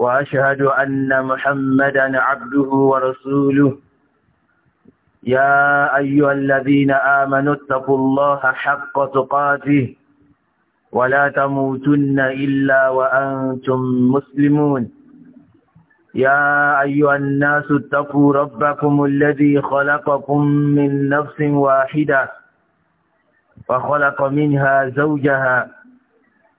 وأشهد أن محمدا عبده ورسوله يا أيها الذين آمنوا اتقوا الله حق تقاته ولا تموتن إلا وأنتم مسلمون يا أيها الناس اتقوا ربكم الذي خلقكم من نفس واحدة وخلق منها زوجها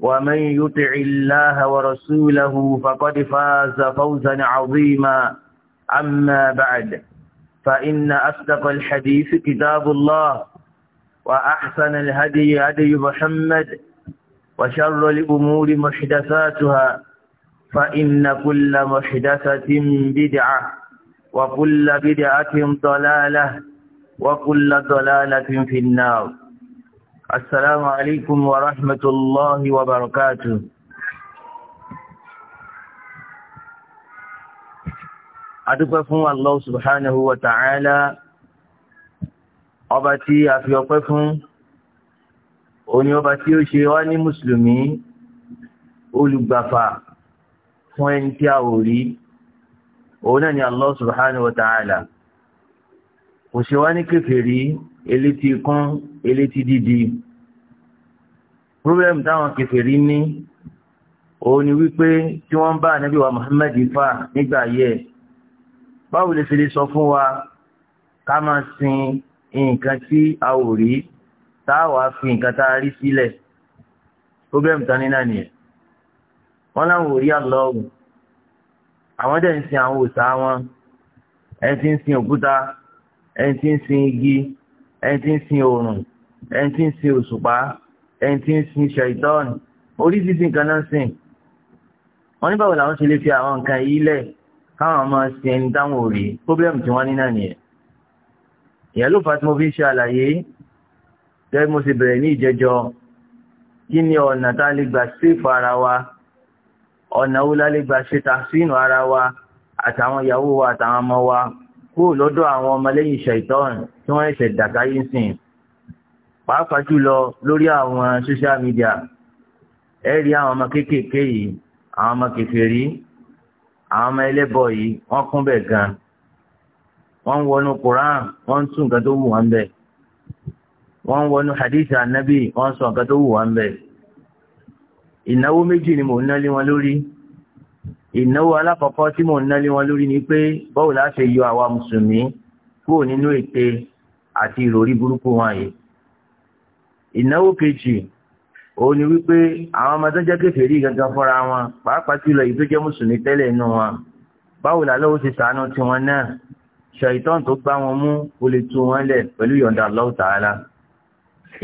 ومن يطع الله ورسوله فقد فاز فوزا عظيما أما بعد فإن أصدق الحديث كتاب الله وأحسن الهدي هدي محمد وشر الأمور محدثاتها فإن كل محدثة بدعة وكل بدعة ضلالة وكل ضلالة في النار السلام عليكم ورحمة الله وبركاته adúpẹ́ fún Allah subhanahu wa ta'ala ọba tí a fi ọpẹ́ fún òní ọba tí ó ṣe wá ní mùsùlùmí olùgbàfà fún ẹni tí a ò rí òun náà ni Allah subhanahu wa ta'ala kò ṣe wá ní kèfèrí elétí kán elétí dídi problem táwọn kèfèrí ní òun ni wípé tí wọ́n bá ànábì wa Muhammad fà nígbà yẹ báwo lè fi lè sọ fún wa ká máa sin nǹkan tí a ò rí tá fi nǹkan tá a rí sílẹ̀ problem tán ní náà nìyẹn wọ́n láwọn ò rí àlọ́ọ̀gùn àwọn dẹ̀ ń sin àwọn òòṣà wọn ẹni tí ń sin òkúta ẹni tí ń sin igi ẹni tí ń sin oòrùn ẹni tí ń sin òṣùpá ẹni tí ń sin ṣẹ̀tọ́ọ̀nì oríṣiríṣi nǹkan náà sìn wọ́n ní báwo làwọn ṣe lè fi àwọn nǹkan yìí lẹ̀ káwọn ọmọ sin ẹni táwọn ò rí pọ́blẹ́mù tí wọ́n ní náà nìyẹn ìyẹn ló fà tí mo fi ń ṣe àlàyé gẹ́gẹ́ mo sì bẹ̀rẹ̀ ní ìjẹjọ́ kí ni ọ̀nà tá a lè gbà séèfù ara wa ọ̀nà wo la lè gbà ṣe tàṣínù ara wa àtàwọn ìyàwó wa àtàwọn ọmọ wa kúrò lọ́dọ̀ àwọn ọmọlẹ́yìn ṣàìtọ́ọ̀nù tí wọ́n ṣẹ̀ dàgáyé sìn pàápàá jùlọ lórí àwọn social media ẹ rí àwọn ọmọ kéékèèké yìí àwọn ọmọ kèfèrí àwọn ọmọ ẹlẹ́bọ yìí wọ́n kún bẹ̀ gan wọ́n ń wọnú Quran wọ́n ń tún nǹkan tó wù wọ́n bẹ̀ wọ́n ń wọnú hadith anabi wọ́n ń sọ nǹkan tó wù wọ́n bẹ̀ ìnáwó méjì ni mò ń ná lé wọn lórí ìnáwó alákọ̀ọ́kọ́ tí mò ń ná lé wọn lórí ni pé báwo la àwa mùsùlùmí kúrò nínú ète àti ìròrí burúkú wọn yìí ìnáwó kejì òun ni wípé àwọn ọmọ tó jẹ́ kèfèrí gangan fúnra wọn pàápàá jùlọ èyí tó jẹ́ mùsùlùmí tẹ́lẹ̀ nù wọn báwo làlọ́wọ́ ti sàánú tiwọn náà ṣàìtàn tó gbá wọn mú o lè tú wọn lẹ̀ pẹ̀lú yọ̀ǹda Allah Ta'ala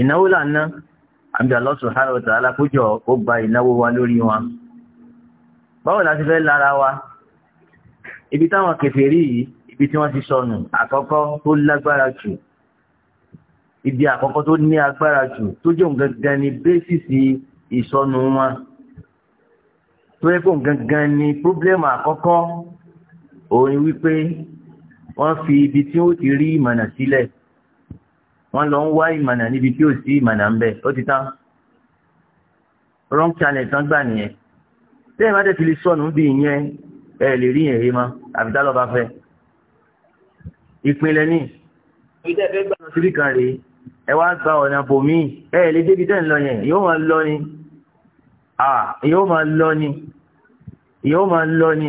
ìnáwó lànà àmì Allah Subhanahu Wa Ta'ala kójọ ó gba ìnáwó wa lórí wọn báwo la ti fẹ́ lára wa ibi táwọn kèfèrí yìí ibi tí wọ́n ti sọnù àkọ́kọ́ tó lágbára jù ibi àkọ́kọ́ tó ní agbára jù tó jẹ́ òun gangan ni bẹ́sìsì ìsọnù wọn tó yẹ kó gangan ni pírọ́blẹ́mù àkọ́kọ́ òun wípé wọ́n fi ibi tí ó ti rí ìmọ̀nà sílẹ̀ wọ́n lọ ń wá ìmọ̀nà níbi tí ò sí ìmọ̀nà ń bẹ ó ti tán wrong channel tán gbà nìyẹn tẹ́yìn bá tẹ̀ fi lè sọnù bí ìyẹn ẹ lè rí yẹn yìí mọ́ àbídá lọ́ba fẹ́ ìpínlẹ̀ ní ìdẹ́gbẹ́gbẹ́ lọ síbí kan rèé ẹ sa gba ọ̀nà bòmí ẹ lè débi tẹ́ ń lọ yẹn yóò máa lọ ni yóò máa lọ ni yóò máa lọ ni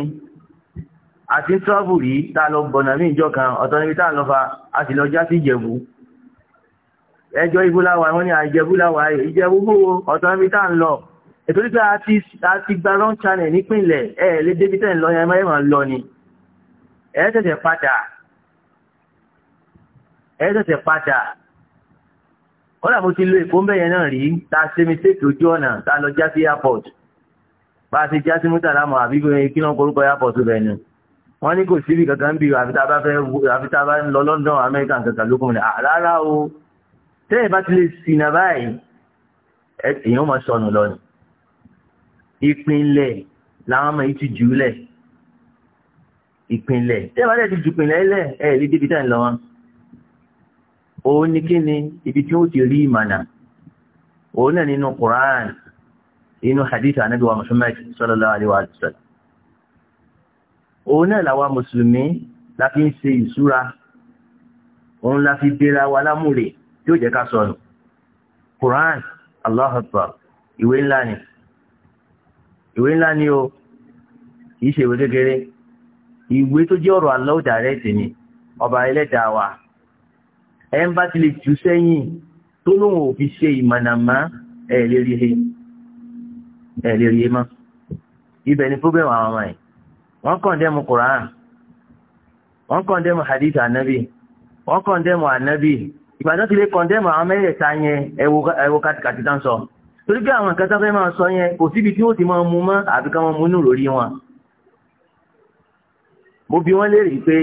àti travel rí tá lọ bọ̀nà mí ìjọ kan ọ̀tọ̀ níbi tá lọ fa a sì lọ já sí ìjẹ̀bú ẹjọ́ ibú láwa wọn ni àìjẹ̀bú láwa ìjẹ̀bú gbówó ọ̀tọ̀ níbi tá a ń lọ ètò nípa a ti gba wrong channel nípìnlẹ̀ ẹ lè débi tẹ́ ń lọ yẹn ẹ máa lọ ni ẹ tẹ̀sẹ̀ padà kọ́lá mo ti lo èkó ń bẹ̀yẹn náà rí ta ṣe mi ṣètò ojú ọ̀nà ta lọ já sí airport bá a ṣe já sí mútàlá mọ̀ àbí kí ló ń korúkọ airport bẹ̀ ni wọ́n ní kò síbi kankan bí àfi tá a bá ń lọ London America kankan lókun rẹ̀ rárá o tẹ́yìn bá ti lè sinà báyìí èèyàn máa sọnù lọ ìpínlẹ̀ làwọn ọmọ ti jù ú lẹ̀ ìpínlẹ̀ tẹ́yìn bá ti jù ìpínlẹ̀ lẹ̀ ẹ̀ lè débi tá à òun ni kí ni ibi tí ó ti rí ìmọ̀nà òun náà nínú Quran inú hadith anabi wa Muhammad sallallahu alaihi wa sallam òun náà làwa mùsùlùmí la fi ń ṣe ìṣúra òun la fi dèrà wa lámúre tí ó jẹ́ ká sọnù Quran Allah ìwé ńlá ni ìwé ńlá ni o kì ṣe ìwé kékeré ìwé tó jẹ́ ọ̀rọ̀ Allah direct ni ọba ẹlẹ́dàá wa ẹ̀ ń bá ti lè jù sẹ́yìn tó lóun ò fi ṣe ìmọ̀nàmá ẹ̀ lè rí he ẹ̀ lè rí he mọ́ ibẹ̀ ni problem àwọn ọmọ yìí wọ́n kọ̀ndẹ́mù Quran wọ́n kọ̀ndẹ́mù hadith anabi wọ́n kọ̀ndẹ́mù anabi ìbàdàn ti lè kọ̀ndẹ́mù àwọn mẹ́rẹ̀ẹ̀ta yẹn ẹ̀wò kàtìkàtì tán sọ torí pé àwọn nǹkan tó fẹ́ máa sọ yẹn kò síbi tí ó ti máa mú mọ́ àbí ká máa mú lórí wọn. mo bi wọ́n léèrè pé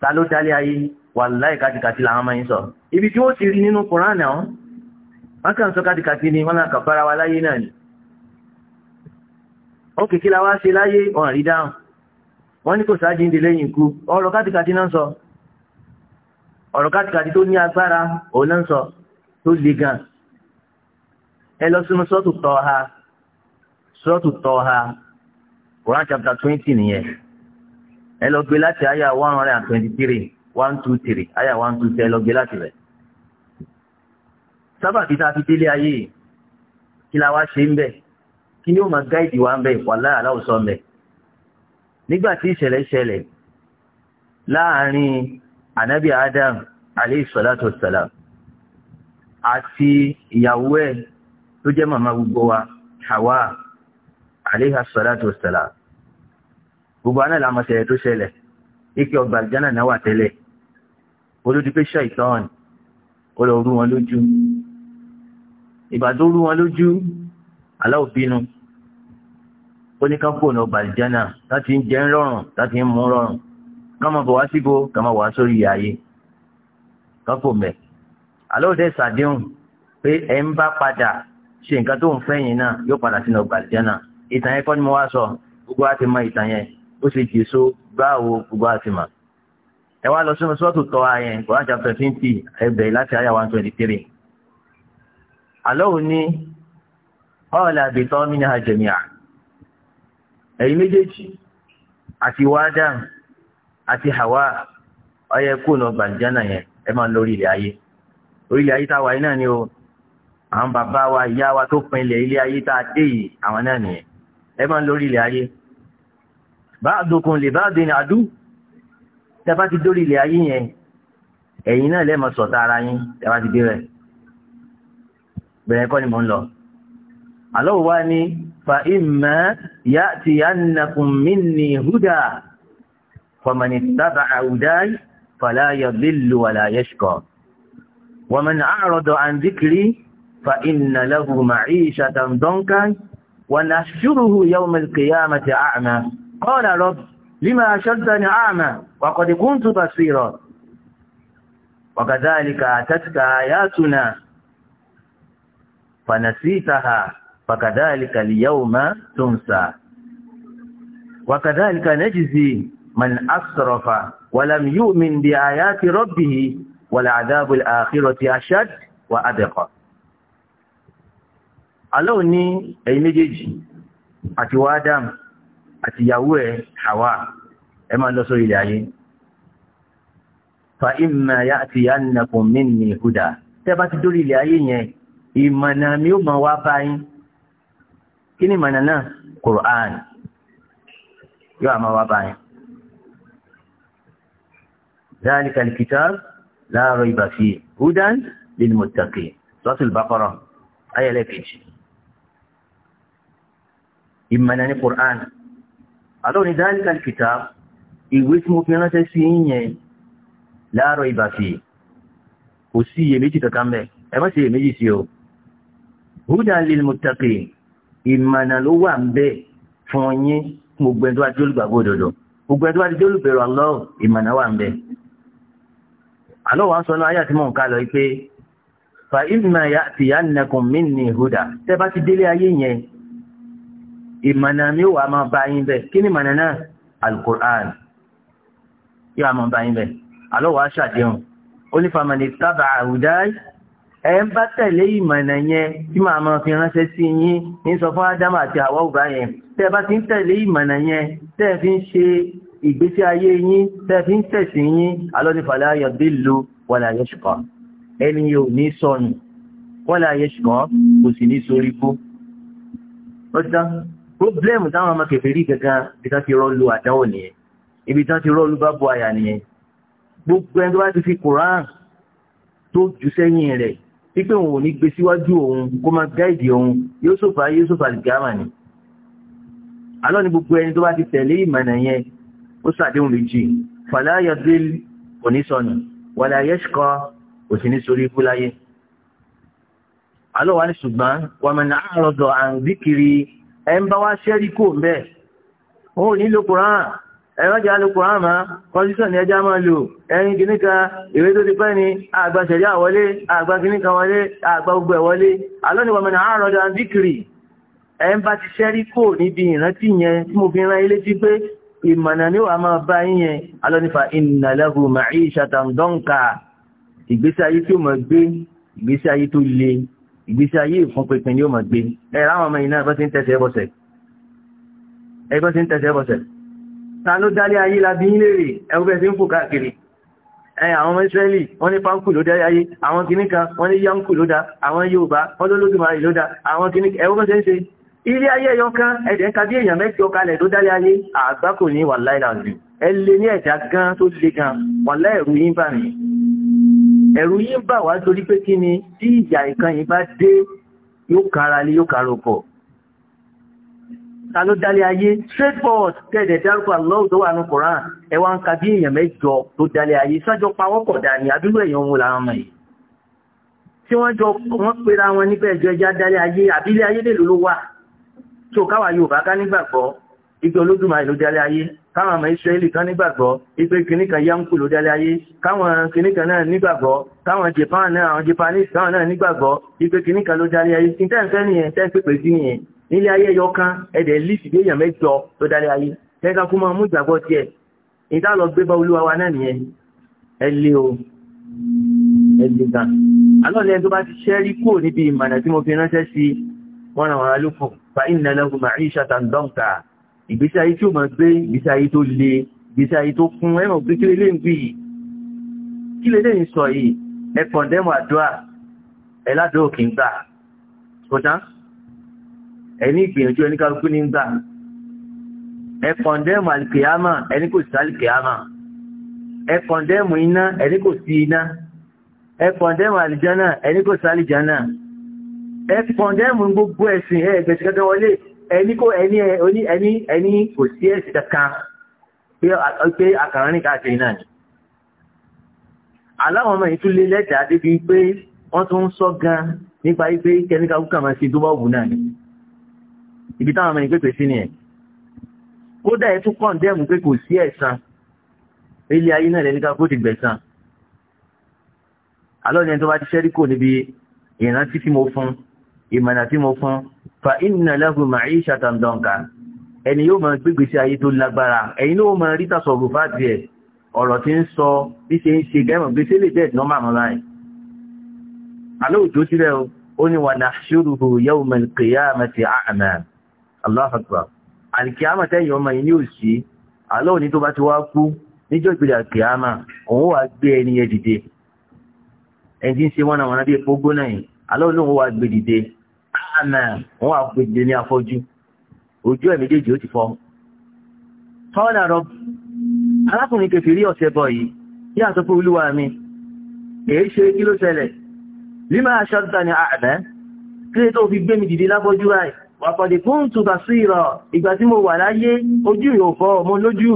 ta ló dálé ayé wàláì kàtìkàtì làwọn máa ń sọ ibi tí ó ti rí nínú koran náà wọ́n kàn sọ kàtìkàtì ni wọ́n kà bára wa láyé náà ni ó kìkí la wá ṣe láyé ọ̀n rí dáhùn wọ́n ní kò sáájú ìdílé yìí kú ọ̀rọ̀ kàtìkàtì náà sọ ọ̀rọ̀ kàtìkàtì tó ní agbára òun náà sọ tó le gan ẹ lọ sínú sọ́ọ̀tù tọ́ ha sọ́ọ̀tù tọ́ ha koran chapter twenty nìyẹn ẹ lọ gbé láti àyà one hundred and twenty three one two three àyà one two three lọ́gbẹ́ láti rẹ̀. sábàbí tá a fi délé ayé yìí kí la wá ṣe ń bẹ̀ kí ni ó máa gáìdì wa ń bẹ̀ wàláhì aláwùsọ ń bẹ̀. nígbà tí ìṣẹ̀lẹ̀ ṣẹlẹ̀ láàárín anabi adam aleyhi salatu wa salam àti ìyàwó ẹ̀ tó jẹ́ màmá gbogbo wa hawa aleyhi salatu wa salam gbogbo aná làmọ̀ṣẹ̀lẹ̀ tó ṣẹlẹ̀ ike ọgbà àlùjánnà náà wà tẹ́lẹ̀ olódi pé ṣàìtàn ó lọ rú wọn lójú ìgbà tó rú wọn lójú aláwọ̀ bínú ó ní káfó ọ̀nà bàlìjánà láti ń jẹ́ ń rọrùn láti ń mú rọrùn káma bọ̀ wá síbo káma wá sórí ààyè káfó mẹ́ aláwọ̀ dẹ́ sàdéhùn pé ẹ̀ ń bá padà ṣe nǹkan tó ń fẹ́ yìí náà yóò padà sínú bàlìjánà ìtàn yẹn kọ́ ni mo wá sọ gbogbo àti mọ ìtàn yẹn ó sì jèso báwo gbogbo àti mọ̀ ẹ wá lọ sínú sọ́ọ̀tù tọ́ ayẹn Quran chapter twenty ẹgbẹ́ láti àyà one twenty three àlọ́ òní ọ̀ọ́lẹ̀ àbẹ̀tọ́ mi ní àjẹmíà ẹ̀yin méjèèjì àti wáádà àti Hawa ọyẹ kó lọ gbàǹjánà yẹn ẹ máa ń lórí ilẹ̀ ayé orí ilẹ̀ ayé tá a wà yìí náà ni o àwọn bàbá wa ìyá wa tó pin ilẹ̀ ilé ayé tá a dé yìí àwọn náà nìyẹn ẹ máa ń lórí ilẹ̀ ayé báàdùkùn lè báàdùn ní adú tẹ́fà ti dórí ilẹ̀ ayé yẹn ẹ̀yin náà lẹ́ẹ̀mọ sọ̀tà ara yín tẹ́fà ti dé rẹ̀ bẹ̀rẹ̀ kọ́ ni mò ń lọ. àlọ́ wa ni fa imma ya'tiyannakum minni huda faman ittaba'a hudaya fala yadhillu wala yashqa waman a'rada an dhikri fa inna lahu ma'ishatan dankan wa nahshuruhu yawma al-qiyamati a'ma qala rabbi لما أشدني أعمى وقد كنت بصيرا وكذلك أتتك آياتنا فنسيتها فكذلك اليوم تنسى وكذلك نجزي من أسرف ولم يؤمن بآيات ربه والعذاب الآخرة أشد وأبقى ألوني أي مجيجي أتوى wá àtìyàwó ẹ̀ Hawa ẹ máa lọ sórí ilẹ̀ ayé fa imma ya'tiyannakum minni huda tẹ́ bá ti dórí ilẹ̀ ayé yẹn ìmọ̀nà mi ó mọ̀ wá báyìí kí ni ìmọ̀nà náà Qur'an yóò àmọ́ wá báyìí ذلك الكتاب لا ريب فيه هدى للمتقين سورة البقرة آية لكيش ìmọ̀nà ní Qur'an àtọ́ni dáríkàl kitab ìwé tí mo fi ránṣẹ́ sí yẹn láàárọ̀ ìbàfì kò sí iyèméjì kankan mẹ́ ẹ má ṣe iyèméjì sí o hudan lil muttaqin ìmọ̀nà ló wà ń bẹ fún yín gbogbo ẹni tó bá ti olùgbàgbọ́ òdodo huda tẹ́ bá ti ìmọ̀nà mi wà máa bá yín bẹ́ẹ̀ kí ni ìmọ̀nà náà alukur'an yóò máa bá yín bẹ́ẹ̀ alọ́ wàá ṣàdéhùn ó ní famani tábà àwùdáì ẹ̀ ń bá tẹ̀lé ìmọ̀nà yẹn tí màá máa fi ránṣẹ́ sí yín ní sọ fún ádámù àti àwa òbá yẹn tẹ́ ẹ bá ti ń tẹ̀lé ìmọ̀nà yẹn tẹ́ ẹ fi ń ṣe ìgbésí ayé yín tẹ́ ẹ fi ń tẹ̀sìn yín alọ́ ní fàlẹ́ ayọ̀ bí lu wàlẹ̀ ayọ̀ ṣùkọ́ ẹni yóò ní sọnù wàlẹ̀ ayọ̀ ṣùkọ́ kò sì ní sorí kú. ó ti dán problem táwọn ọmọ kẹfẹ́ rí gangan bí tá ti rọ́ọ̀lù àdánwò nìyẹn ibi tá ti rọ́ọ̀lù bá bọ àyà nìyẹn gbogbo ẹni tó bá ti fi koran tó jù sẹ́yìn rẹ̀ pípé òun ò ní gbé síwájú òun kó máa gáìdì òun yóò sòfà yóò sòfà gàmà ni alọ́ ni gbogbo ẹni tó bá ti tẹ̀lé ìmọ̀nà yẹn ó ṣàdéhùn méjì fàlàyàdé onísọnù wàlà yẹ́ṣkọ́ òsìní sórí ikú láyé alọ́ wa ní ṣùgbọ́n wàmẹ̀nà àròdọ̀ àǹdíkiri ẹ ń bá wá ṣẹ́rí kò ń bẹ́ẹ̀ òun nílò kùrán ẹ̀rọ jà lò kùrán mọ́ kọ́sísọ̀ ní ẹjá máa lò ẹ̀rin kìníkà ìwé tó ti pẹ́ ni àgbà ṣẹ̀rí àwọlé àgbà kìníkà wọlé àgbà gbogbo ẹ̀wọlé alọ́nìwà mẹ́nà àárọ̀dà ni wà máa bá yẹn alọ́nìfà ìnàlẹ́hù màáyí ṣàtàndọ́ǹkà ìgbésí ayé tí ìgbésí ayé ìfún pínpín ni ó máa gbé ẹ ráwọn ọmọ iná ẹgbẹ́ tí ń tẹ̀sẹ̀ ẹbọ̀sẹ̀ ẹgbẹ́ tí ń tẹ̀sẹ̀ ẹbọ̀sẹ̀ ta ló dálé ayé labí ń léèrè ẹgbẹ́ tí ń fò káàkiri ẹ àwọn ọmọ Ísírẹ́lì wọ́n ní pánkù ló dá ayé àwọn kìíní kan wọ́n ní yánkù ló dá àwọn Yorùbá wọ́n ló lódùmarè ló dá àwọn kìíní ẹwọ́n ṣe ń ṣe ilé ayé ẹyọ kan ẹ̀dẹ̀ ka bí èèyàn mẹ́jọ kalẹ̀ tó dálé ayé àgbákò ní wàláìlà ẹ lè ní ẹ̀dá gan tó le gan wàláìrú yín bá mi ẹ̀rù yín bà wá torí pé kí ni tí ìjà nǹkan yìí bá dé yóò kára lé yóò kára pọ̀ ta ló dálé ayé straight forward tẹ́ẹ̀dẹ̀ dárúkọ àlọ́wọ́ tó wà ní koran ẹ wá ń ka bí èèyàn mẹ́jọ tó dálé ayé sájọ pawọ́pọ̀ dání àdúgbò èèyàn wọn làwọn ọmọ yìí tí wọ́n jọ wọ́n pera wọn níbẹ̀ ẹjọ́ ẹjá dálé ayé àbílẹ̀ ayé lè ló wà tó káwa Yorùbá ká nígbàgbọ́ ipe olódùmarè ló dálé ayé káwọn ọmọ israeli kan nígbàgbọ́ ipe kìnnìkan yankú ló dálé ayé káwọn kìnnìkan náà nígbàgbọ́ káwọn japan náà àwọn japanese káwọn náà nígbàgbọ́ ipe kìnnìkan ló dálé ayé tí tẹ́ǹfẹ́ nìyẹn tẹ́ǹpẹ̀pẹ̀ sí nìyẹn nílé ayé yọkan ẹ̀dẹ̀ lísì bí èèyàn mẹ́jọ ló dálé ayé tẹ́ka kú máa mú ìgbàgbọ́ tiẹ̀ ìta lọ gbé bá olúwa wa tó bá ti ṣẹ́rí kúrò níbi ìmọ̀nà tí mo fi ránṣẹ́ sí wọ́n ràn wọ́n alófò fa ìnàlẹ́gùn màá ń ìgbésí ayé tí ó máa gbé ìgbésí ayé tó le ìgbésí ayé tó kún ẹ̀rọ pé kí lélẹ́yìn bí yìí kí lélẹ́yìn sọ yìí ẹ kọ̀ndẹ́mù àdúrà ẹ ládùúgbò kì í gbà kọjá ẹni ìgbìyànjú ẹni kálukú ní gbà ẹ kọ̀ndẹ́mù àlìkèyàmà ẹni kò sí àlìkèyàmà ẹ kọ̀ndẹ́mù iná ẹni kò sí iná ẹ kọ̀ndẹ́mù àlìjánà ẹni kò sí àlìjánà ẹ kọ̀ndẹ́mù gbogbo ẹ̀sìn ẹ̀ ẹni kó ẹni ẹni ẹni ẹni kò sí ẹ̀sì kankan pé àkàrán káàkiri náà ni aláwọn ọmọ ìtúlé lẹ́tà débi pé wọ́n tún ń sọ gan nípa wípé kẹ́míkà kúkà máa ṣe dúbọ̀ wù náà ni ibi táwọn ọmọ ìpèpè sí ni ẹ̀ kódà ẹ̀ tún kọ́ndẹ́mù pé kò sí ẹ̀san ilé ayé náà lẹ́ni ká kó ti gbẹ̀san alọ́ ni ẹni tó bá ti ṣẹ́ríkò níbi ìrántí tí mo fún un ìmọ̀nà tí mo fún fa inna lahu ma'ishatan danka ẹni yóò máa gbégbé sí ayé tó lágbára ẹ̀yin ló máa rí tàṣọ̀rù bá tiẹ̀ ọ̀rọ̀ tí ń sọ bí ṣe ń ṣe gẹ́mọ̀ gbé sílẹ̀ bẹ́ẹ̀ nọ́mà mọ́ láì alóòjó sílẹ̀ ó ní wa nahshuruhu yawma al-qiyamati a'ma Allahu akbar àlìkìyàmà tẹ́yìn ọmọ yìí ní òsì alóò ní tó bá ti wá kú níjọ́ ìpìlẹ̀ àlìkìyàmà òun wà gbé ẹni yẹn dìde ẹni tí ń ṣe wọ́nà wọ́nà bí epo gbóná yìí alóò àmà wọn àpèjì ní afọ́jú ojú ẹ̀ méjèèjì ó ti fọ́ tọ́lá rọ arákùnrin kẹfìrí ọ̀sẹ̀ bọ̀ yìí kí a sọ pé olúwa mi èé ṣe kí ló ṣẹlẹ̀ límà aṣọ́dá ni àdá kí lè tó fi gbé mi dìde lábọ́jú ráì wàpọ̀dé fún tùbà sí ìrọ̀ ìgbà tí mo wà láyé ojú ìrọ̀fọ́ mo lójú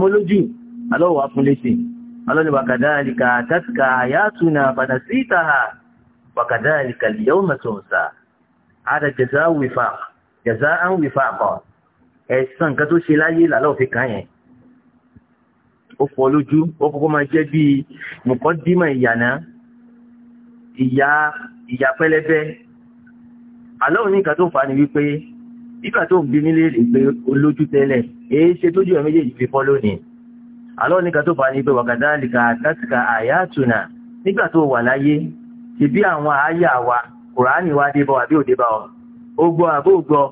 mo lójú alọ́wà fún lẹ́sìn alọ́niwà kàdáàlìkà tàtìkà àyàtùnà fàtàsítàhà وكذلك اليوم تنسى هذا جزاء وفاق جزاء وفاقا ẹ̀sán kan tó ṣe láyé làlọ́ fi kàn yẹn ó fọ lójú ó kọ́kọ́ máa jẹ́ bíi nǹkan dímọ̀ ìyànà ìyá ìyá pẹlẹbẹ àlọ́ òní nǹkan tó fà á ni wípé nígbà tó ń bí mi léèrè pé olójú tẹ́lẹ̀ èé ṣe tójú ẹ̀ méjèèjì fi fọ́ lónìí àlọ́ òní nǹkan tó fà á ni wípé wàkàdá àlìkà àtàtìkà àyà àtùnà nígbà tó wà láyé ìbí àwọn àyà wa kùránì wá dé bọ́ àbí òdé bá ọ ó gbọ́ àbó gbọ́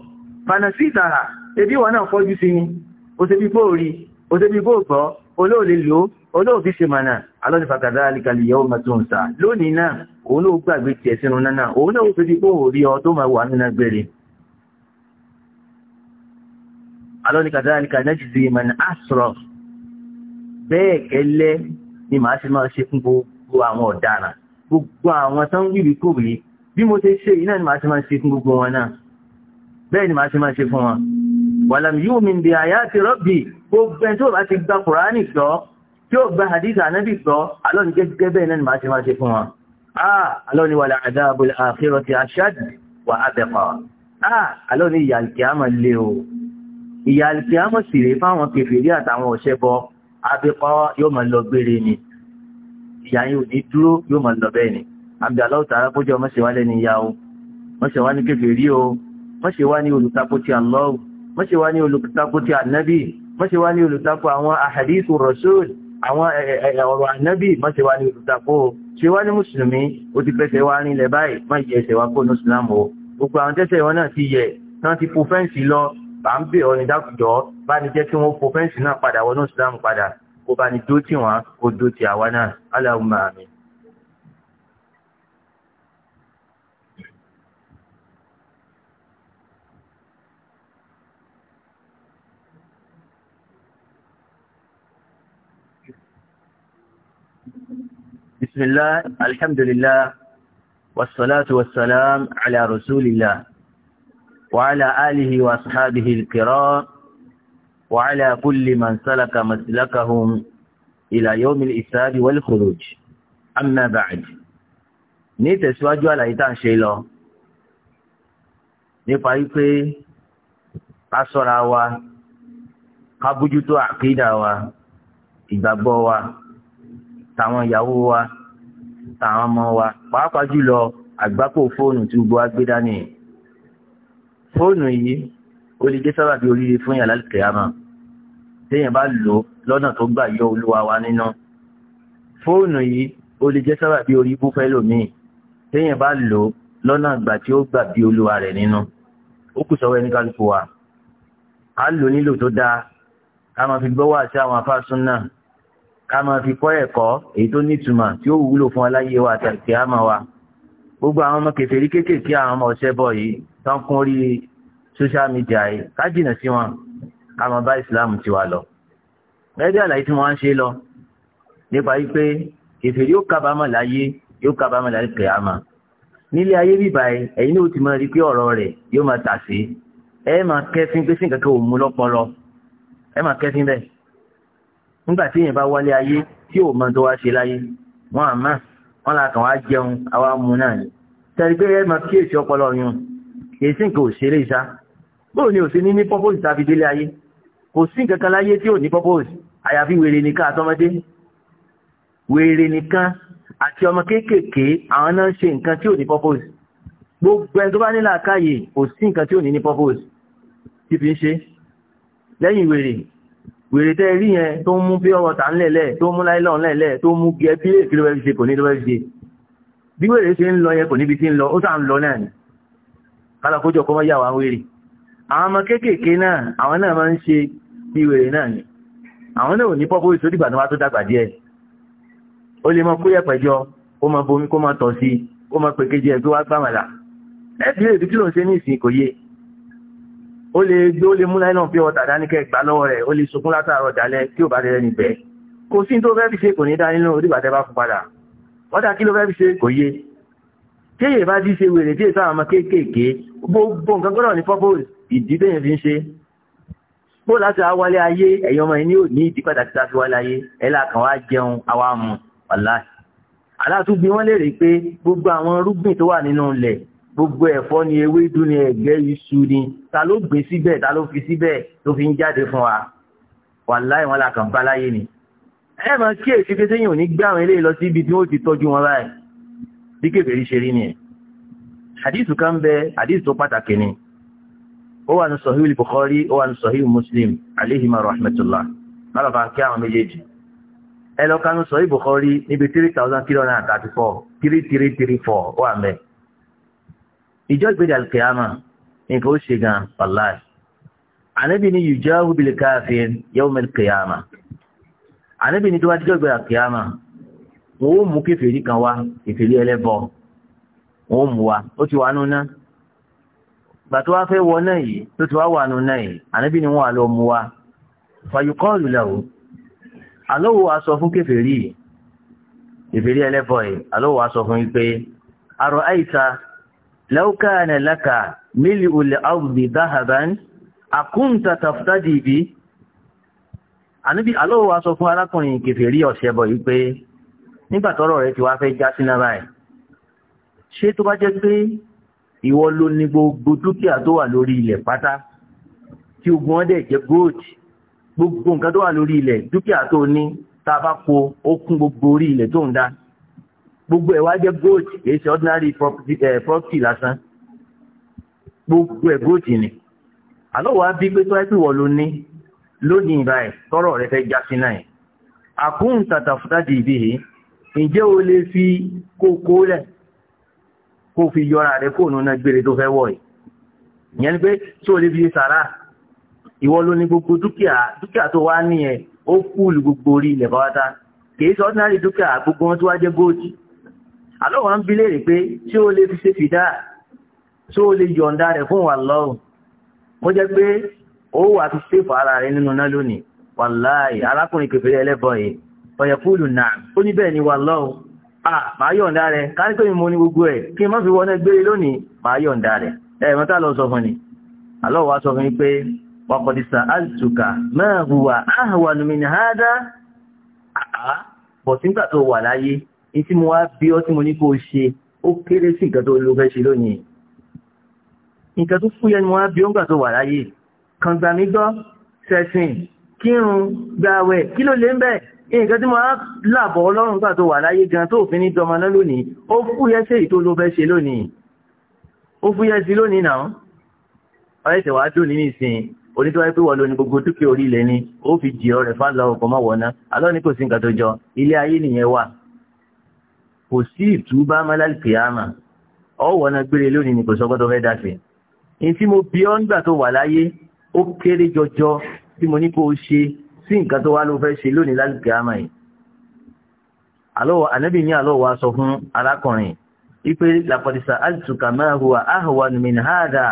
fanasi ìtara ebí wọn náà fọ́jú sí ni ó ṣe bí gbọ́ olóòlè lò olóòbí ṣe mànà alọ́ni fàkàdá alìkàlì tó ń sà lónìí náà òun náà gbàgbé tiẹ̀ náà òun náà wà nínú gbèrè. gbogbo àwọn tán wíwí kò wí bí mo ṣe ṣe iná ni màá ṣe máa ṣe fún gbogbo wọn náà bẹ́ẹ̀ ni màá ṣe máa ṣe fún wọn wàlàm yóò mi bí àyà ti rọ́bì gbogbo ẹni tó bá ti gba kùránì gbọ́ tí ó gba hadith ànábì gbọ́ alọ́ ni gẹ́gẹ́ bẹ́ẹ̀ náà ni màá ṣe máa ṣe fún wọn ah alọ́ ni wàlà àdáàbò àfihàn ti ashad wà abẹ́pà ah alọ́ ni ìyà ìkìámà lé o ìyà ìkìámà sì rèé fáwọn kèfèrí àtàwọn òṣèbọ abẹ́pà yóò máa lọ gbére ni ìyá yìí ò ní dúró yóò máa lọ bẹ́ẹ̀ ni àbí aláwòtà arákójọ má ṣe wá lẹ́ni ìyá o má ṣe wá ní kèfèrí o má ṣe wá ní olùtakò ti Allah má ṣe wá ní olùtakò ti ànábì má ṣe wá ní olùtakò àwọn ahadithu rasul àwọn ọ̀rọ̀ ànábì má ṣe wá ní olùtakò ṣe wá ní mùsùlùmí ó ti fẹsẹ̀ wá rinlẹ̀ báyìí má yẹ ẹsẹ̀ wá kó ní islam o gbogbo àwọn kó bá ní dó tì wọ́n kó dó tì àwa náà Allahumma amin. بسم الله الحمد لله والصلاة والسلام على رسول الله وعلى آله وأصحابه الكرام وعلى كل من سلك مسلكهم إلى يوم الإسلام والخروج أما بعد ní tẹ̀síwájú àlàyé tá à ń ṣe lọ nípa wípé ká ṣọ́ra wa ká bójútó àkídà wa ìgbàgbọ́ wa tàwọn ìyàwó wa tàwọn ọmọ wa pàápàá jùlọ àgbákò fóònù tí gbogbo wa gbé dání fóònù yìí ó lè jẹ́ sábàbí oríire fún yàrá kẹyàmá téèyàn bá lò lọ́nà tó gbà yọ olúwa wa nínú fóònù yìí ó lè jẹ́ sábà bí orí ibú fẹ́ lòmíì téèyàn bá lò lọ́nà àgbà tí ó gbà bí olúwa rẹ̀ nínú ó kù sọ́wọ́ ẹni kálukú wa a lò nílò tó dáa ká máa fi gbọ́wọ́ àti àwọn afáàsùn náà ká máa fi kọ́ ẹ̀kọ́ èyí tó nítumọ̀ tí ó wúlò fún aláyé wa àti àti àmọ́ wa gbogbo àwọn ọmọ kèfèrí kéékèèké àwọn ọmọ ọ̀sẹ̀ yìí tán kún orí social media yìí ká jìnà sí wọn ká máa bá ìsìláàmù tiwa lọ gẹ́gẹ́ àlàyé tí wọ́n á ṣe lọ nípa wípé kẹfẹ́ yóò kábàámọ̀ láyé yóò kábàámọ̀ láyé kẹ̀yàmà nílé ayé bíbá ẹ ẹ̀yin náà ti máa rí pé ọ̀rọ̀ rẹ̀ yóò máa tà sí ẹ máa kẹ́fín pé sí nǹkan kan ò mú lọ́pọlọ ẹ máa kẹ́fín bẹ́ẹ̀ nígbà tí èèyàn bá wálé ayé tí ò mọ tó wá ṣe láyé wọn àmọ́ wọn là kàn wá jẹun àwa mu náà ni tẹ̀lé pé ẹ máa kíyèsí ọpọlọ yun kì í sí ìṣá bóò ni òṣèré ní pọ́pọ́sì tàbí délé ayé kò sí nǹkan kan láyé tí ò ní purpose àyàfi wèrè nìkan àtọmọdé wèrè nìkan àti ọmọ kéékèèké àwọn náà ṣe nǹkan tí ò ní purpose gbogbo ẹni tó bá nílà káyè kò sí nǹkan tí ò ní ní purpose tí fi ń ṣe lẹ́yìn wèrè wèrè tẹ́ rí yẹn tó ń mú pé ọwọ́ ta ńlẹ̀lẹ̀ tó ń mú láìlọ́ ńlẹ̀lẹ̀ tó mú bí èkì ló fẹ́ ṣe kò ní ló ṣe bí wèrè ṣe ń lọ yẹn kò níbi tí ń lọ ó sà lọ náà ni kálọ̀ kójọ yà wá wèrè àwọn ọmọ kéékèèké náà àwọn náà máa ń ṣe bí wèrè náà ni àwọn náà ò ní pọ́pọ́ ìṣó dìgbà tó wá tó dàgbà díẹ̀ o lè mọ kóyẹ̀ pẹ̀jọ ó mọ bomi kó mọ tọ̀ sí ó mọ pèké jẹ pé wá gbàmàlà ẹ bí èdè kí ló ń ṣe ní ìsìn kò yé o lè gbé ó lè mú láìnà pé ọ̀tà dání kẹ́ gbà lọ́wọ́ rẹ̀ ó lè sunkún látàárọ̀ dálẹ́ tí ò bá rẹ̀ níbẹ̀ kò sí tó fẹ́ fi ṣe kò ní dání lóhùn ó dìgbà tẹ́ bá fún padà wọ́n dá kí ló fẹ́ fi ṣe kò yé téèyàn bá ti ṣe wèrè tí èso àwọn ọmọ kéékèèké gbogbo nǹkan gbọ́dọ̀ ní pọ́pọ́ ìdí téèyàn fi ń ṣe bó láti wálé ayé ẹ̀yọ́ ọmọ ẹni ò ní ìdí pàtàkì láti wálé ayé ẹ̀là kan wá jẹun àwa mu wàláì aláàtú bí wọ́n lérè pé gbogbo àwọn rúgbìn tó wà nínú ilẹ̀ gbogbo ẹ̀fọ́ ni ewédú ni ẹ̀gbẹ́ iṣu ni ta ló gbé síbẹ̀ ta ló fi síbẹ̀ tó fi ń jáde fún wa wàláì wọn la kàn bá ni ẹ máa kíyèsí pé sẹ́yìn ò ní gbé àwọn eléyìí lọ sí ibi tí wọ́n ti tọ́jú wọn báyìí bí kèfèrí ṣe rí nìyẹn àdìsù kan bẹ àdìsù tó pàtàkì ni ó wà ní sọ̀híwì Bukhari ó wà ní sọ̀híwì Muslim aléhìmá rahmatullah mọ́lọ̀bá kí àwọn méjèèjì ẹ lọ kánú sọ̀híwì Bukhari níbi 3334 3334 ó wà mẹ́ ìjọ ìgbéjà kìámà nǹkan ó ṣe gan wàláì ànábì ni yujahu bil kafir yawm al kìámà ànábì ni tó bá díjọ́ ìgbéjà kìámà wọ́n ó mú kèfèrí kan wá kèfèrí ẹlẹ́bọ wọ́n mú wa ó ti wà nínú gbà tó wá fẹ́ wọ náà yìí tó ti wá wà nù náà yìí ànábì ni wọ́n àlọ́ mú wa fàyùkọ́ọ̀lù lẹ́wọ̀ alówó aṣọ fún kèfèrí ìfèrí ẹlẹ́fọ̀ yìí alówó aṣọ fún yìí pé àrọ̀ àìsà lẹ́wọ́ká ẹ̀nẹ̀ lẹ́ka mílì ulẹ̀ áwùdì dáhàbán àkúntà tàfútàdì ibi ànábì alówó aṣọ fún arákùnrin kèfèrí ọ̀sẹ̀ yìí pé nígbà tọ́rọ̀ ti wá fẹ́ já sí náà báyìí ṣé tó bá jẹ́ pé ìwọ ló ní gbogbo dúkìá tó wà lórí ilẹ̀ pátá tí ogun ọdẹ jẹ gold gbogbo nǹkan tó wà lórí ilẹ̀ dúkìá tó ní tá a bá kó ó gbogbo orí ilẹ̀ tó ń dá gbogbo ẹ̀ wá jẹ́ gold kìí ṣe ordinary eh, property lásán gbogbo ẹ̀ gold ni àlọ́ wa bí pé tó ẹ́ pè wọ́n ló ní lónìí ìbá ẹ̀ tọrọ rẹ fẹ́ já sí náà ẹ̀ àkóhùn tàtàfútà dìbì yìí ǹjẹ́ o lè fi kókó lẹ̀ kó fi yọra rẹ kó nùnà gbére tó fẹ́ wọ̀ ìyẹn ni pé tí o lè fi sàrà ìwọ ló ní gbogbo dúkìá dúkìá tó wá nìyẹn ó kúlù gbogbo orí ilẹ̀ bàbáta kìí sọ ordinary dúkìá gbogbo wọn tó wá jẹ́ góòtì àlọ́ ń bi léèrè pé tí o lè fi ṣe fìdá tí o lè yọ̀ǹda rẹ̀ fún wa lọ́wọ́ mo jẹ́ pé ó wà fi ṣèfà ara rẹ̀ nínú náà lónìí wàláì arákùnrin kẹfẹ́ ẹlẹ́bọ̀ yìí ọ̀yẹ̀kúlù náà ó ní ni wà lọ́wọ́ ah máa yọ̀ǹda rẹ̀ ká ní pé mi mo ní gbogbo ẹ̀ kí n fi wọnú gbére lónìí máa rẹ̀ ẹ̀ tá lọ sọ fún ni Allah wa sọ fún mi pé wakọ̀dísà azùkà máa hùwà ahwanu min hada àá ah, bọ̀ sígbà tó wà láyé tí mo wá bí ọ tí o ṣe ó kéré sí nǹkan tó ló fẹ́ ṣe lónìí nǹkan tó fúyẹ́ ni mo wá bí ó ń gbà tó wà láyé kàn gbà mí kírun gbàwẹ̀ kí ló lè ń bẹ̀ nǹkan tí mo á làbọ̀ ọlọ́run gbà tó wà láyé gan tó òfin ní dọmọ náà lónìí ó fúyẹ́ sí èyí tó ló fẹ́ ṣe lónìí ó fúyẹ́ sí lónìí náà ọ̀rẹ́ ṣẹ̀ wá dùn nínú ìsìn onítọ́ pé wọ́n lo gbogbo dúkìá orí ilẹ̀ ni ó fi jì ọ̀rẹ́ fáńlá ọkọ̀ mọ́ wọ̀ná ni kò sọ́kọ́ tó fẹ́ mo bí ọ́ nígbà tó wà láyé tí mo ní kó o ṣe sí nǹkan tó wá ló fẹ́ ṣe lónìí lálùkì àmà yìí àlọ́ ànábì ní àlọ́ wa sọ fún arákùnrin ipe làpọ̀dìsà àtùkà máa hùwà áhùwà min hada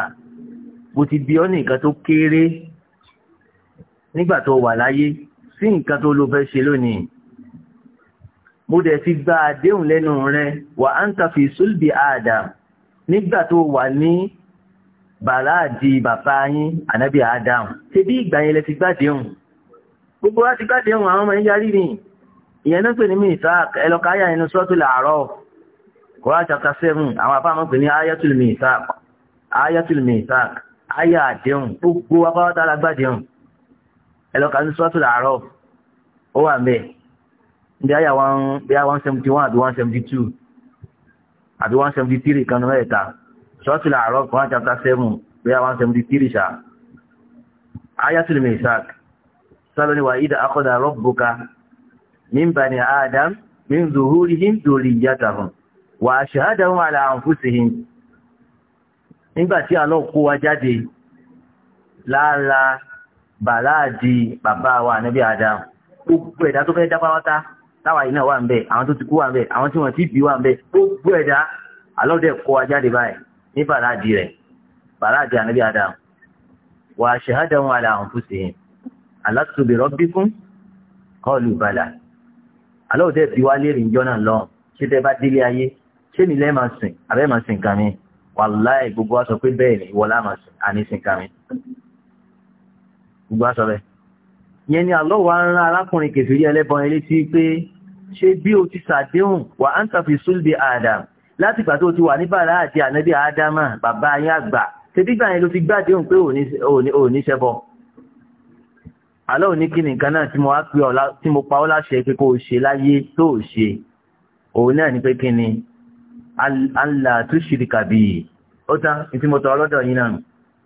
bó ti bí ọ́ ní nǹkan tó kéré nígbà tó wà láyé sí nǹkan tó ló fẹ́ ṣe lónìí mo dẹ̀ ti gba àdéhùn lẹ́nu rẹ wà á ń tàfi sólbì àdà nígbà tó wà ní bàrá di bàbá yín ànábì Adam ṣe bí ìgbà yẹn lẹ ti gbádẹ́hùn gbogbo wa ti gbádẹ́hùn àwọn ọmọ yín yarí ni ìyẹn náà pè ní mìsáàk ẹlọ́káyà inú sọ́tù làárọ̀ Quran chapter seven àwọn afáàmọ́ pè ní ayatul mìsáàk ayatul mìsáàk ayà àdéhùn gbogbo apáwátá alágbádẹ́hùn ẹlọ́ka inú sọ́tù làárọ̀ ó wà mẹ́ẹ̀ ndé ayà one bí i one seventy one àbí one seventy two àbí one seventy three kan náà ẹ̀ta sọ́tìlà àárọ̀ kan chapter seven bí i one seventy three ṣá ayatul misak sọ́lọ́ ni wà ìdá akọ́dà rabbuka min bani adam min zuhurihim dhurriyyatahum wà ashhadahum ala anfusihim nígbà tí àlọ́ kó wa jáde lára bàláàdì bàbá wa ànábì adam gbogbo ẹ̀dá tó fẹ́ dá pátá táwa yìí náà wà ń bẹ àwọn tó ti kú wà ń bẹ àwọn tí wọ́n ti bí wà ń bẹ gbogbo ẹ̀dá àlọ́ dẹ̀ wa jáde báyìí ní bàrádì rẹ̀ bàrádì ànábì adam wà á ṣe hádà wọn àlà àǹfùsìn alastu bi rabbikum qalu bala aláwòdẹ́ bí wá lérìn jọ náà lọ ṣé tẹ́ bá délé ayé ṣé nílẹ̀ máa sìn abẹ́ máa sìn kàmí wàláì gbogbo wa sọ pé bẹ́ẹ̀ ni ìwọlá máa sìn àní sìn kàmí gbogbo wa sọ bẹ́ẹ̀ yẹn ni alọ́wọ́ ń rán arákùnrin kẹfìrí ẹlẹ́bọn elétí pé ṣé bí o ti ṣàdéhùn wà á ń tàfi súlbi adam láti ìgbà tó ti wà ní bàrà àti ànábì ádámà bàbá yín àgbà tẹbí gbà yẹn ló fi gbàdé òun pé òní ṣẹbọ àlọ́ òní kí ni nǹkan náà tí mo wá pé ọ tí mo pa ọ́ láṣẹ pé kó o ṣe láyé tó o ṣe òun náà ni pé kí ni àlà tó kàbí ó tán ní mo tọ ọlọ́dọ̀ yín náà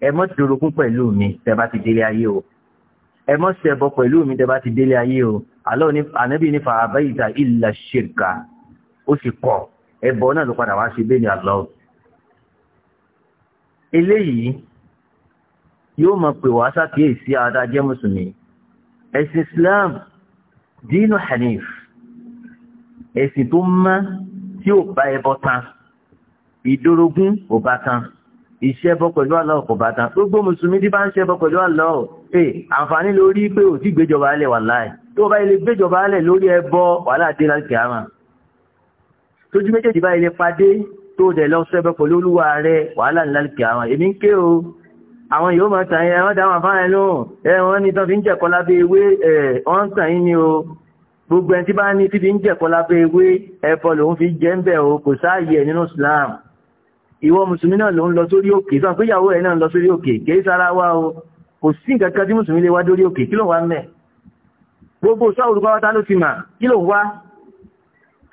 ẹ mọ́ ti dorogún pẹ̀lú mi tẹ́ bá ti délé ayé o ẹ mọ́ ṣẹbọ pẹ̀lú mi tẹ́ bá ti délé ayé o àlọ́ òní ànábì ní fàábẹ́yìí ta ìlà ṣìrìkà ó sì kọ̀ ẹbọ náà ló padà wá ṣe bẹ́ẹ̀ ni àlọ́ eléyìí yóò máa pè wá ṣàkíyèsí adájẹ́ mùsùlùmí ẹ̀sìn Islam dínú hanif ẹ̀sìn tó mọ́ tí ò bá ẹbọ tán ìdórogún ò bá tán ìṣẹ́bọ pẹ̀lú Allah kò bá tán gbogbo mùsùlùmí tí bá ń ṣẹbọ pẹ̀lú Allah ẹ̀ àǹfààní lórí pé ò tí gbéjọba alẹ̀ wà tó bá ilé gbéjọba alẹ̀ lórí ẹbọ wàhálà dé láti kìámà tójú méjèèjì báyìí lè padé tó dẹ̀ lọ sọ ẹbẹ pẹ̀lú olúwa rẹ wàhálà ńlá kì àwọn èmi ń ké o àwọn yóò máa tàn yẹn wọ́n dá wọn fáwọn ẹnu ẹ wọ́n ní tán fi ń jẹ̀kọ́ lábẹ́ ewé ẹ wọ́n ń tàn yín ni o gbogbo ẹni tí bá ní fífi ń jẹ̀kọ́ lábẹ́ ewé ẹbọ lòun fi jẹ́ ń bẹ̀ o kò sáàyè nínú Islam ìwọ mùsùlùmí náà ló ń lọ sórí òkè sọ pé ìyàwó rẹ náà ń lọ sórí òkè kì í sára wa o kò sí nǹkan kan tí mùsùlùmí lè wá dórí òkè kí ló wá ń mẹ́ gbogbo sáwùrù pátá ló ti mà kí ló wá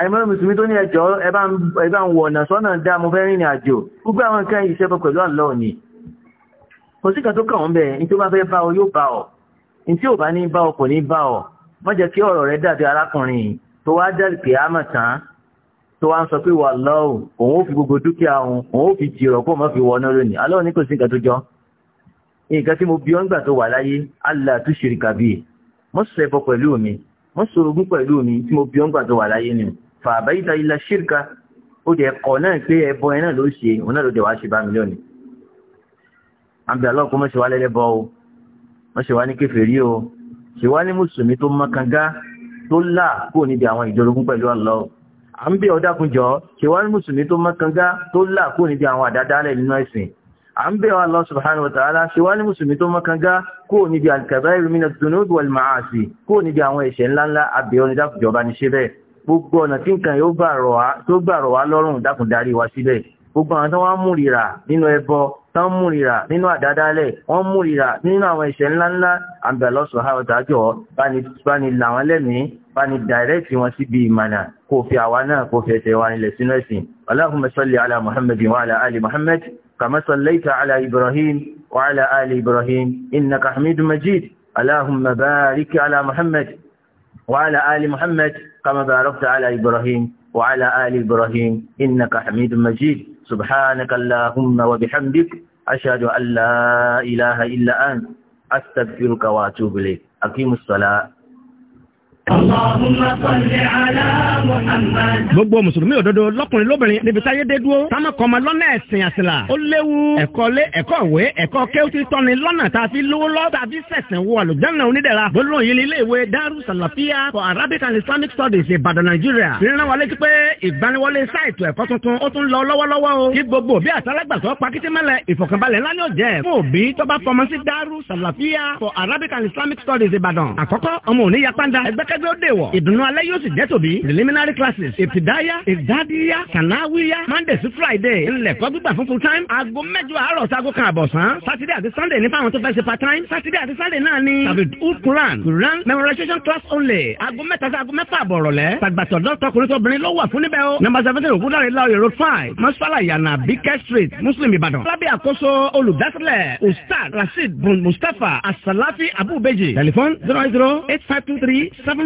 àìmọ́ mùsùlùmí tó ní ẹjọ́ ẹbá ń wọ̀nà sọ́nà dá mo fẹ́ rìnrìn àjò gbogbo àwọn nǹkan ìṣẹ́fẹ́ pẹ̀lú àlọ́ ni kò síkà tó kàn ń bẹ̀ ní tó bá fẹ́ bá ọ yóò bá ọ ní tí ò bá ní bá ọ kò ní bá ọ má jẹ́ kí ọ̀rọ̀ rẹ dàbí arákùnrin tó wá dẹ́rì pé ámà tán tó wá ń sọ pé wà lọ́ọ̀ òun ó fi gbogbo dúkìá òun òun ó fi jìrọ̀ mo bí ọ́ Allah tó ṣe rí kàbí mọ́sọ̀ẹ́fọ́ pẹ̀lú mi mọ́sọ̀rọ̀gún pẹ̀lú mi tí mo bí ọ́ ń gbà tó wà láyé nìyẹn fàbáyìtà ilẹ̀ ṣírka ó dẹ̀ kọ̀ náà pé ẹbọ ẹ náà ló ṣe òun náà ló dẹ̀ wá ṣe bá mílíọ̀nù àbí àlọ́ kó mọ̀ṣẹ̀ wá lẹ́lẹ́bọ o mọ̀ṣẹ̀ wá ní kèfèrí o ṣe wá ní mùsùlùmí tó mọ́kànga tó là kó níbi àwọn ìjọlógún pẹ̀lú àlọ́ à ń bẹ̀ ọ́ dákunjọ́ ṣe wá ní mùsùlùmí tó mọ́kànga tó là kó níbi àwọn àdádálẹ̀ nínú ẹ̀sìn à ń bẹ̀ Allah subhanahu wa ta'ala ṣe wá ní mùsùlùmí tó gbogbo ọ̀nà tí nǹkan yóò gbà rọ̀ wá lọ́rùn dákun darí wa síbẹ̀ gbogbo àwọn tó wá ń múrira nínú ẹbọ tó ń múrira nínú àdádálẹ̀ wọ́n múrira nínú àwọn ẹ̀ṣẹ̀ ńláńlá àbẹ̀lọ́sọ̀ ha ọ̀tà jọ báni làwọn lẹ́mìí báni dàrẹ́tì wọn síbi ìmànà kò fi àwa náà kò fi ẹsẹ̀ wa nílẹ̀ sínú ẹ̀sìn Allahumma salli وعلى آل محمد كما باركت على إبراهيم وعلى آل إبراهيم إنك حميد مجيد سبحانك اللهم وبحمدك أشهد أن لا إله إلا أنت أستغفرك وأتوب إليك أقيم الصلاة gbogbo mùsùlùmí òdodo lọkùnrin lóbìnrin níbi táyé dé dúró táwọn kan máa lọ́nà ẹ̀sìn àṣìlá ó léwu ẹ̀kọ́ lé ẹ̀kọ́ ìwé ẹ̀kọ́ kéwùtì tọ́ni lọ́nà tá a fi lówó lọ́ tá a fi sẹ̀sìn wọ àlùjáná onídẹ̀ra gbólóhùn yìí ní ilé ìwé Daru Salafia for Arabic and Islamic Studies Ìbàdàn Nàìjíríà ìrìnà wa létí pé ìgbaniwọlé sáìtù ẹ̀kọ́ tuntun ó tún lọ lọ́wọ́lọ́wọ́ o kí gbogbo bí àtàlágbàsọ pakitimẹ́lẹ̀ ìfọ̀kànbalẹ̀ ńlá ni ó jẹ́ fún òbí tó bá fọmọ sí Daru Salafia for Arabic and Islamic Studies Ìbàdàn àkọ́kọ́ ọmọ òní yapanda ẹgbẹ́kẹ́ kẹ́gbẹ́ ó dè wọ̀. ìdùnnú alẹ́ yóò sì jẹ́ tòbí. preliminary classes ìtìdáyà ìdádíyà kànáwíyà monday sí friday ńlẹ̀kọ́ gbígbà fún full time. aago mẹ́jọ àárọ̀ sago kan àbọ̀sán. saturday àti sunday ní fáwọn tó fẹ́ ṣe part time. saturday àti sunday náà ni. tàbídùn quran quran memorization class only. aago mẹ́ta sí aago mẹ́fà àbọ̀rọ̀lẹ́. tàgbàtọ̀ dọ́tọ̀ kùnrin tóbìnrin ló wà fún níbẹ̀ o. number seventeen ògúndàrẹ́ lọ́ọ̀rẹ́ road five masfala yana bikẹ́ street muslim ìbàdàn. lábẹ́ àkóso olùdásílẹ̀ ustaz rasheed bun mustapha asalafi abubeji. tẹlifon zero zero eight five two three seven